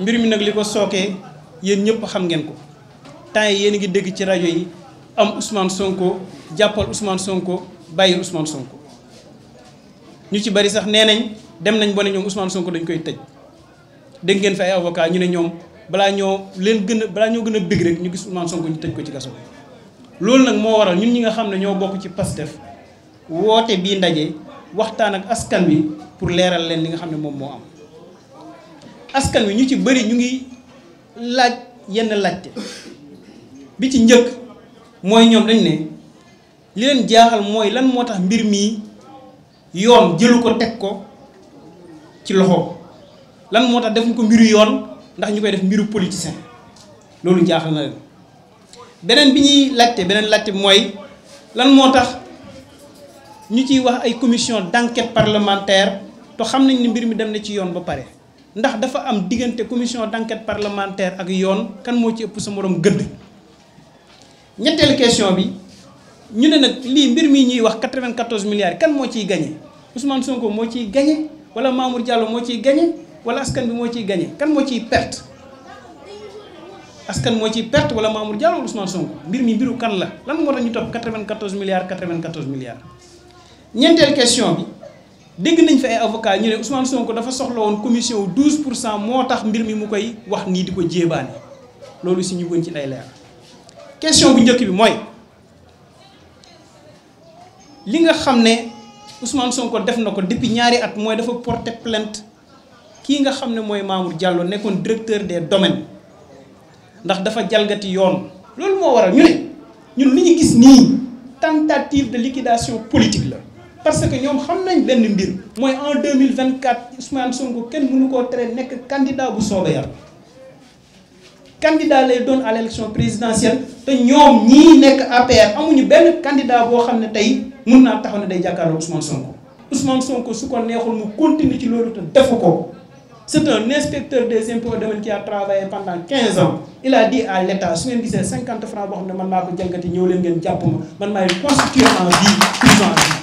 mbir mi nag li ko sookee yéen ñëpp xam ngeen ko temps yi yéen a ngi dégg ci rajo yi am Ousmane Sonko jàppal Ousmane Sonko bàyyil Ousmane Sonko ñu ci bari sax nee nañ dem nañ ba ne ñoom Ousmane Sonko dañ koy tëj dégg ngeen fi ay avocat ñu ne ñoom balaa ñoo leen gën balaa ñoo gën a bëgg rek ñu gis Ousmane Sonko ñu tëj ko ci kaso loolu nag moo waral ñun ñi nga xam ne ñoo bokk ci Pastef woote bii ndaje waxtaan ak askan wi pour leeral leen li nga xam ne moom moo am. askan wi ñu ci bari ñu ngi laaj yenn laajte bi ci njëkk mooy ñoom dañ ne li leen jaaxal mooy lan moo tax mbir mii yoon jëlu ko teg ko ci loxo lan moo tax defuñ ko mbiru yoon ndax ñu koy def mbiru politicien loolu jaaxal na leen beneen bi ñuy laajte beneen laajte bi mooy lan moo tax ñu ciy wax ay commission danket parlementaire te xam nañ ni mbir mi dem na ci yoon ba pare ndax dafa am diggante commission d'enquête parlementaire ak yoon kan moo ci ëpp sa morom gëdd ñetteelu question bi ñu ne nag lii mbir mi ñuy wax 94 milliards kan moo ciy gagné Ousmane Sonko moo ciy gagné wala Mamour Diallo moo ciy gagné wala askan bi moo ciy gagné kan moo ciy perte askan moo ciy perte wala Mamour Diallo wala Ousmane Sonko mbir mi mbiru kan la lan moo tax ñu topp 94 milliards 94 milliards ñeenteel question bi dégg nañ fi ay avocat ñu ne Ousmane Sonko dafa soxla commission de 12 pour cent moo mbir mi mu koy wax si ñu ci lay question bu bi li nga Ousmane Sonko def depuis ñaari at dafa porter plainte kii nga xam Mamour Diallo directeur des domaines ndax dafa jalgati yoon loolu moo waral ñu ñun tentative de liquidation politique parce que ñoom xam nañ benn mbir Moi, en 2024, Ousmane Sonko kenn mënu koo tere nekk candidat bu soobee candidat lay doon à l'élection présidentielle, présidentielle te ñoom ñii nekk APR amuñu ben candidat boo xam ne tey mun naa taxaw ne day jàkkaarloo Ousmane Sonko Ousmane Sonko su ko neexul mu continue ci loolu te defu ko. un inspecteur des impôts de domaines qui a travaillé pendant 15 ans il a dit à l'État. état su ngeen 50 francs boo xam ne man maa ko jalgati ñëw leen ngeen jàpp ma man maay constitué en vie prison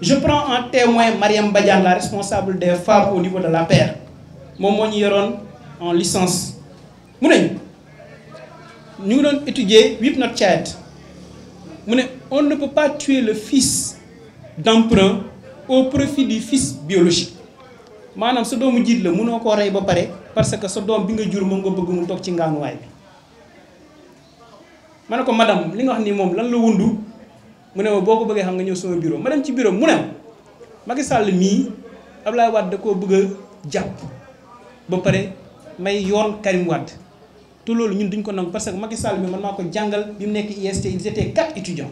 je prends en témoin Mariam Badian, la responsable des femmes au niveau de la paire Mon est en licence Nous ne étudier on ne peut pas tuer le fils d'emprunt au profit du fils biologique Madame, sa doomu jiit la mënoo koo rey ba parce que sa doom bi nga que nga bëgg mu madame li nga la wundu mu ne ma boo ko bëggee xam nga ñëw sama bureau ma dem ci bureau mu ne Macky Sall mii Abdoulaye Wade da koo bëgg a jàpp ba pare may yoon Karim Wade te loolu ñun duñ ko nangu parce que Macky Sall bi man maa ko jàngal bi mu nekk IST ils étaient quatre étudiants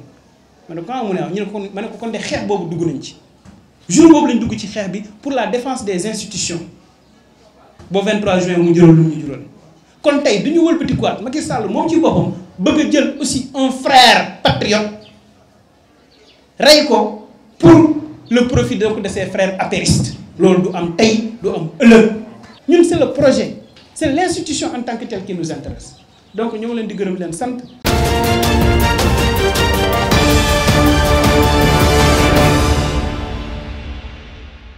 ma ne ko ah, mu ne ah ñu ne ko ma ne ko kon de xeex boobu dugg nañ ci jour boobu lañ dugg ci xeex bi pour la défense des institutions ba 23 juin mu jural lu ñu jural kon tey du ñu wëlbatikuwaat Macky Sall moom ci boppam bëgg a jël aussi un frère patriote rey pour le profit de ses frères apéristes c'est le projet c'est l'institution en tant que telle qui nous intéresse donc nous ngi leen di